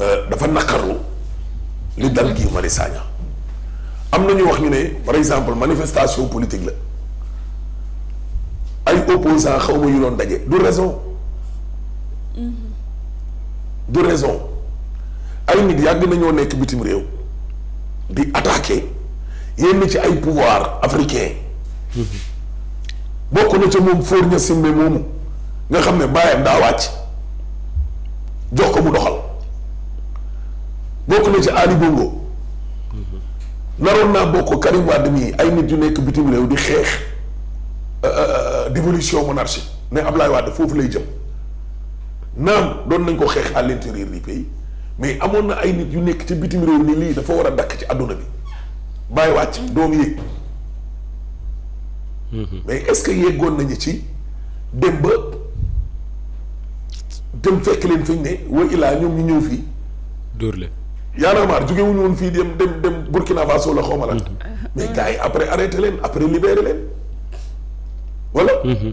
Euh, dafa naqarlu li dal Guy Marius Sagna am na ñu wax ñu ne par exemple manifestation politique la ay opposants xaw ma yu doon daje du raison mm-hmm. du raison ay nit yàgg nañoo nekk bitim réew di attaquer yenn ci ay pouvoir africain mm-hmm. bokk na ci moom fóor ña simbe moomu nga xam ne bàyyam daa wàcc jox ko mu doxal bokk na ci Ali Bongo naroon naa bokk Karim Wade mii ay nit yu nekk bitim réew di xeex euh, euh, euh, dévolution monarchie ne Ablaye Wade foofu lay jëm naam doon nañ ko xeex à l'intérieur du mais amoon na ay nit yu nekk ci bitim réew ni lii dafa war a dakk ci àdduna bi bàyyi wàcc doom yéeg mm-hmm. mais est-ce que yeggoon nañu ci dem ba dem fekk leen fi ne wa illaa ñoom ñu ñëw fii dóor Y'en a marre jóge wuñu woon fii dem dem dem Burkina Faso la xawma lan mm-hmm. mais gars yi après arrêté leen après libéré leen voilà mm-hmm.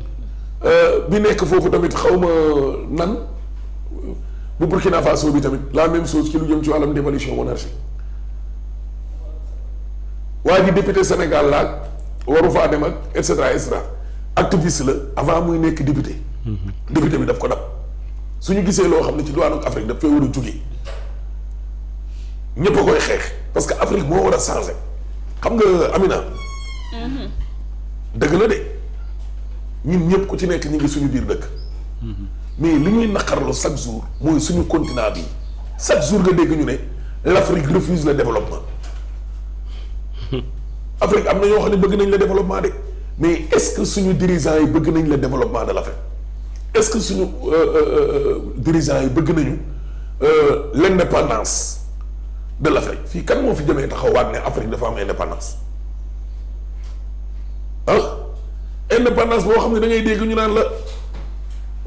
euh, bi nekk foofu tamit xawma nan bu Burkina Faso bi tamit la même chose ci lu jëm ci wàllam dévolution monarchique waa ji député Sénégal laag waru faa dem ak et cetera et la avant muy nekk député mm-hmm. député bi daf ko dab suñu gisee loo xam ne ci douane Afrique daf fee war a jóge ñëpp a koy xeex parce que Afrique moo war a changé xam nga Amina. Mm-hmm. dëgg la de ñun ñëpp ku ci nekk ñu ngi suñu biir dëkk. Mm-hmm. mais li ñuy naqarloo chaque jour mooy suñu continent bi chaque jour nga dégg ñu ne l'Afrique refuse le développement. Afrique am na ñoo xam ne bëgg nañ la développement de mais est-ce que suñu dirigeants yi bëgg nañ le développement de l'Afrique est-ce que suñu euh, euh, euh, dirigeants yi bëgg nañu l'indépendance. de l' fii kan moo fi taxaw taxawaat ne Afrique dafa am indépendance ah indépendance boo xam ne da dégg ñu naan la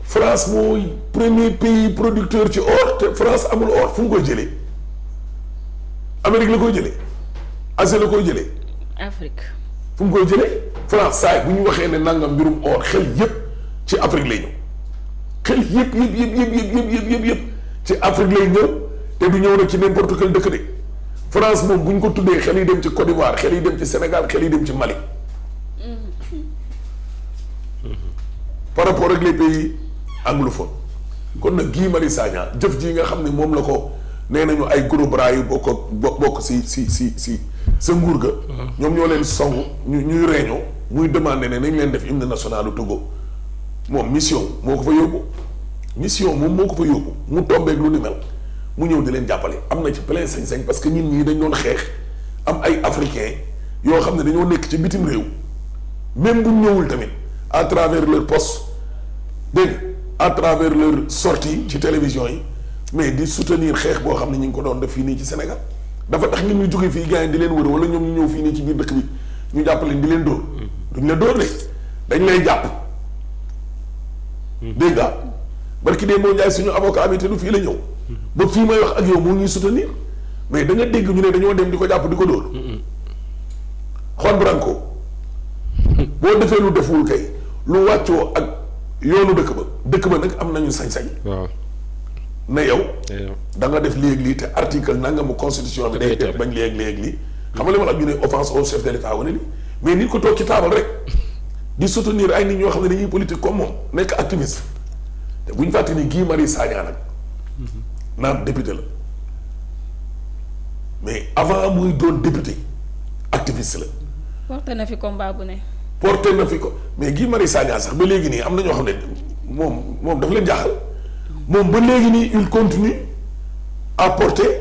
France mooy premier pays producteur ci or te France amul or fu mu koy jëlee Amérique la koy jëlee Asie la koy jëlee. Afrique. fu mu koy jëlee France saay bu ñu waxee ne nangam mbirum or xel yépp ci Afrique lay ñëw xel yépp yépp yépp yépp yépp yépp yépp yépp ci Afrique lay ñëw. te du ñëw nag ci n'importe quel dëkk de France moom bu ñu ko tuddee xel yi dem ci Côte d'Ivoire xel yi dem ci Sénégal xel yi dem ci Mali. Mm-hmm. par rapport ak les pays anglophones kon nag Guy Marius Sagna jëf ji nga xam ne moom la ko nee nañu ay gros bras yu bokk bokk si si si si sa nguur ga. Mm-hmm. ñoom ñoo leen song ñu ñuy réunion muy demandé ne nañ leen def hymne national du Togo moom mission moo ko fa yóbbu mission moom moo ko fa yóbbu mu tombeeg lu ni mel. mu ñëw di leen jàppale am na ci plein sañ-sañ parce que ñun ñii dañ doon xeex am ay africain yoo xam ne dañoo nekk ci bitim réew même bu ñëwul tamit à travers leur poste dégg à travers leur sorti ci télévision yi mais di soutenir xeex boo xam ne ñu ngi ko doon def fii nii ci Sénégal dafa tax ñun ñu jógee fii gaa yi di leen wër wala ñoom ñu ñëw fii nii ci biir dëkk bi ñu jàppale di leen dóor mm-hmm. duñ la dóor de dañ lay jàpp mm-hmm. dégg nga barki dee moo njaay suñu avocat bi te du fii la ba fii may wax ak yow moo ñuy soutenir mais da dégg ñu ne dañoo dem di ko jàpp di ko dóor. Juan Branco boo defee lu deful kay lu wàccoo ak yoonu dëkk ba dëkk ba nag am nañu sañ-sañ. waaw ne yow. da nga def lii lii te article nangamu constitution bi. day def bañ léegi ak lii ak lii. xam nga li ñu ne offense au chef de l'État wane li mais nit ko toog ci taabal rek di soutenir ay nit ñoo xam ne dañuy politique comme moom nekk activiste te bu ñu fàtte ni Guy Marius Sagna naan député la mais avant muy doon député activiste la. porté na fi combat bu ne. porté na fi ko mais Guy Marius Sagna sax ba léegi nii am na ñoo xam ne moom moom dafa leen jaaxal moom ba léegi nii il continue à porter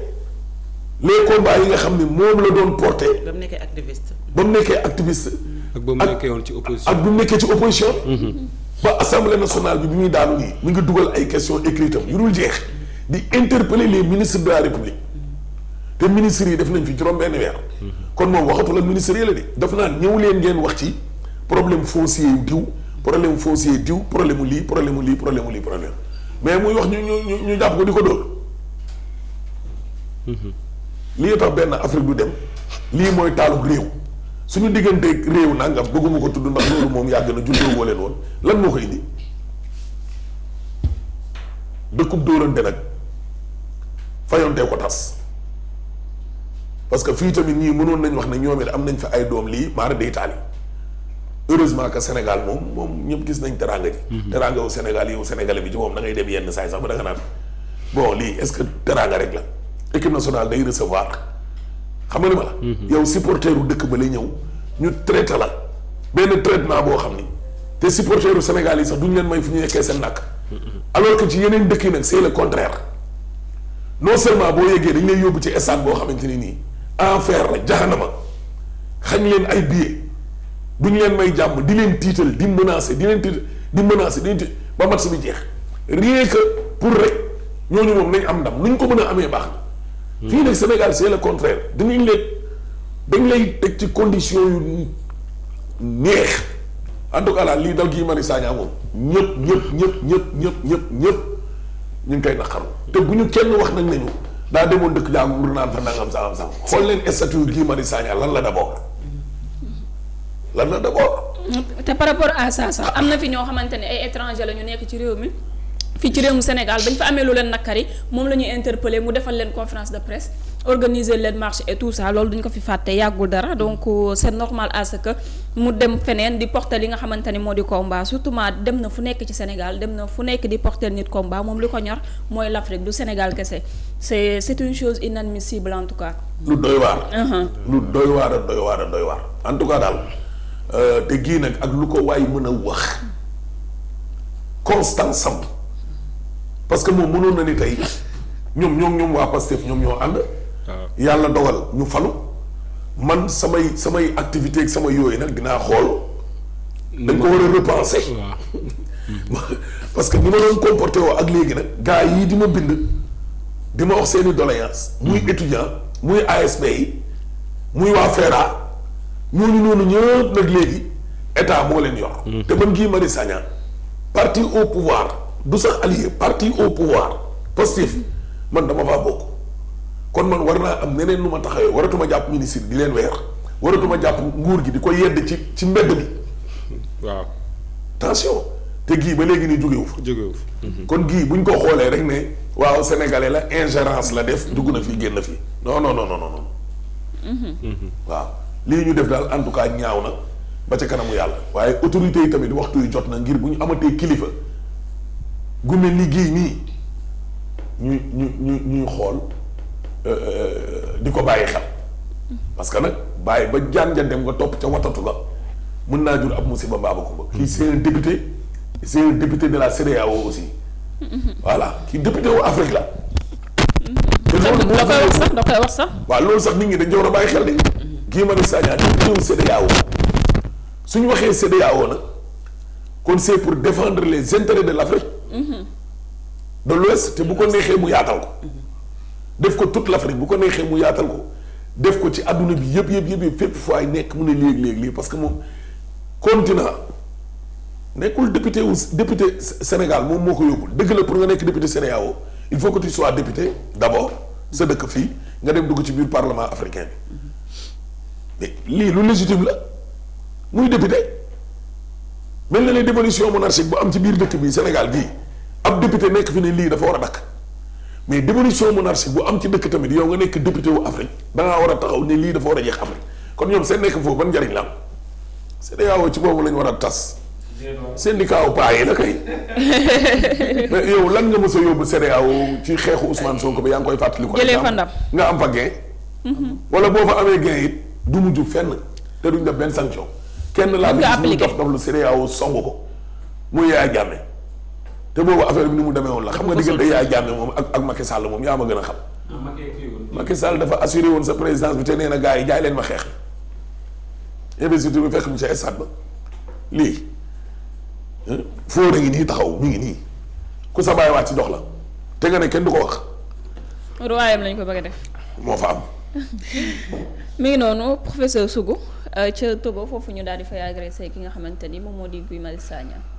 les combats yi nga xam ne moom la doon porté. ba mu nekkee activiste. ba mu nekkee activiste. ak ba mu nekkee ci opposition ak ci opposition. ba assemblée nationale bi bi muy daanu nii. mu ngi dugal ay question écrites am yu dul jeex. di interpeller les ministres de la république te ministres yi def nañ fi juróom benn weer kon moom waxatu la ministres yi la de daf naan ñëw leen ngeen wax ci problème foncier yu diw problème foncier diw problème mu lii problème mu lii problème mu lii problème mais muy wax ñu ñu jàpp ko ko dóor mhm. lii tax benn Afrique du dem lii mooy taalug réew suñu diggante réew nangam bëgguma ko tudd ndax loolu moom yàgg na juddoo woo leen woon lan moo ko indi dëkkub dóorante nag. de ko tas parce que fii tamit ñii mënoon nañ wax ne ñoom it am nañ fa ay doom lii maara day taali heureusement que Sénégal moom moom ñëpp gis nañ teranga ji mhm. teranga Sénégal yow Sénégalais bi ci moom da ngay dem yenn saay sax ba da nga naan lii est-ce que teranga rek la équipe nationale day recevoir xam nga ni ma la mhm. yow supporteru dëkk ba la ñëw ñu traité la benn traitement boo xam ni te supporteru Sénégal yi sax duñ leen may fu ñu nekkee seen nàkk mhm. alors ci yeneen dëkk yi nag c'est le contraire non seulement boo yeggee dañ lay yóbbu ci estade boo xamante ni nii enfer la jaxanama xañ leen ay billets duñ leen may jàmm di leen tiital di menacer di leen tiital di menacer di leen tiital ba match bi jeex rien que pour rek ñooñu moom nañ am ndam lu ñu ko mën a amee baax na. Hmm. fii nag Sénégal c'est le contraire dañuy leen dañ lay teg ci condition yu neex en tout cas lii dal gii mari Sadio moom ñëpp ñëpp ñëpp ñëpp ñëp ñu ngi koy naqaru te bu ñu kenn wax nag nañu daa demoon dëkk jaagu wur naan fa nangam sangam sangam xool leen statut Guy Marius Sagna lan la d'abord lan la d'abord te par rapport à ça sax am na fi ñoo xamante ne ay étranger la ñu nekk ci réew mi fii ci réewum Sénégal bañ fa amee lu leen naqari moom la ñuy interpellé mu defal leen conférence de presse organiser leen marche et tout ça loolu duñ ko fi fàtte yàggul dara donc euh, c'est normal à que mu dem feneen di porter li nga xamante ni moo di combat surtout ma dem na fu nekk ci Sénégal dem na fu nekk di porter nit combat moom li ko ñor mooy l'Afrique du Sénégal kese c'est c'est une chose inadmissible en tout cas. lu doy waar. Uh-huh. lu doy waar a doy waar a doy waar en tout daal euh, te gii ak lu ko waay mën a wax constance sam parce que moom mënoon na ni tey ñoom ñoom waa Pastef yàlla dogal ñu falu man samay samay activité ak sama yooyu nag dinaa xool dañ ko war a repenser parce que ni ma doon comporté woo ak léegi nag gars yii di ma bind di ma wax seeni doléance muy hmm. étudiant muy ASP yi muy waa FERA ñooñu noonu ñëpp nag léegi état moo leen yor hmm. te man Guy Marius Sagna parti au pouvoir du sax allié parti au pouvoir Pastef man dama faa bokk kon man war naa am neneen nu ma taxawee waratuma jàpp ministre di leen weer waratuma jàpp nguur gi di ko yedd ci ci mbedd bi waaw tension te gii ba léegi nii jógewu fa jógewu fa mhm. kon gii bu buñ ko xoolee rek ne waaw sénégalais la ingérence la def dugg na fi génn fi non non non non non mhm. Mhm. waaw lii ñu def daal en tout cas ñaaw na ba ca kanamu yàlla waaye autorités yi tamit waxtu yu jot na ngir bu ñu amatee kilifa gu mel ni gii nii ñu ñu ñu ñuy xool Euh, euh, di ko bàyyi xel parce que nag bàyyi ba jaan ja dem nga topp ca watatu la mën naa jur ab musiba mbaaba ko ba kii c'est député c'est député de la CEDEAO aussi voilà kii député wu Afrique la mm-hmm. da koy wax sax da koy wax sax waaw loolu sax nit ñi dañ war a bàyyi xel de mm-hmm. Guy Marius Sagna député wu CEDEAO suñu waxee CEDEAO nag kon pour défendre les intérêts de l'Afrique mm-hmm. de l'Ouest te bu ko neexee mu yaatal ko def ko toute l'Afrique bu ko neexee mu yaatal ko def ko ci àdduna bi yëpp yëpp yëpp fépp ay nekk mu ne léeg-léeg lii parce que moom continent nekkul député wu député Sénégal moom moo ko yóbbul dëgg la pour nga nekk député CEDEAO il faut que tu sois député d'abord sa dëkk fii nga dem dugg ci biir parlement africain bi lii lu légitime la muy député mel na ne dévolution monarchique bu am ci biir dëkk bi Sénégal bii ab député nekk fi ne lii dafa war a dakk mais démolition monarchie bu am ci dëkk tamit yow nga nekk député wu Afrique da ngaa war a taxaw ne lii dafa war a jeex Afrique kon ñoom seen nekk foofu ban njariñ la am ci boobu la ñu war a tas. syndicat wu paa yi la kay. yow lan nga mës a yóbbu CEDEAO ci xeexu Ousmane Sonko bi yaa ngi ko. jëlee fa ndam nga am fa gain. Mhm. wala boo fa amee gain it du mujj fenn te duñ def benn sanction. kenn laa fi gis muy dof dof lu CEDEAO song ko muy Yaya Jammeh. te boobu affaire bi ni mu demee woon la xam nga diggante yaay jàmme moom ak ak Macky Sall moom yaa ma gën a xam. Macky Sall dafa assuré woon sa présidence bi te nee na yi jaay leen ma xeex. investiture bi fekk mu ca stade ba lii foo ngi nii taxaw mu ngi nii ku sa bàyyi waat ci dox la te nga ne kenn du ko wax. ruwaayam lañ ko bëgg a def. moo fa am. mi ngi noonu professeur Sougou euh, ca Togo foofu ñu daal di fay agressé ki nga xamante ni moom moo di Guy Marius Sagna.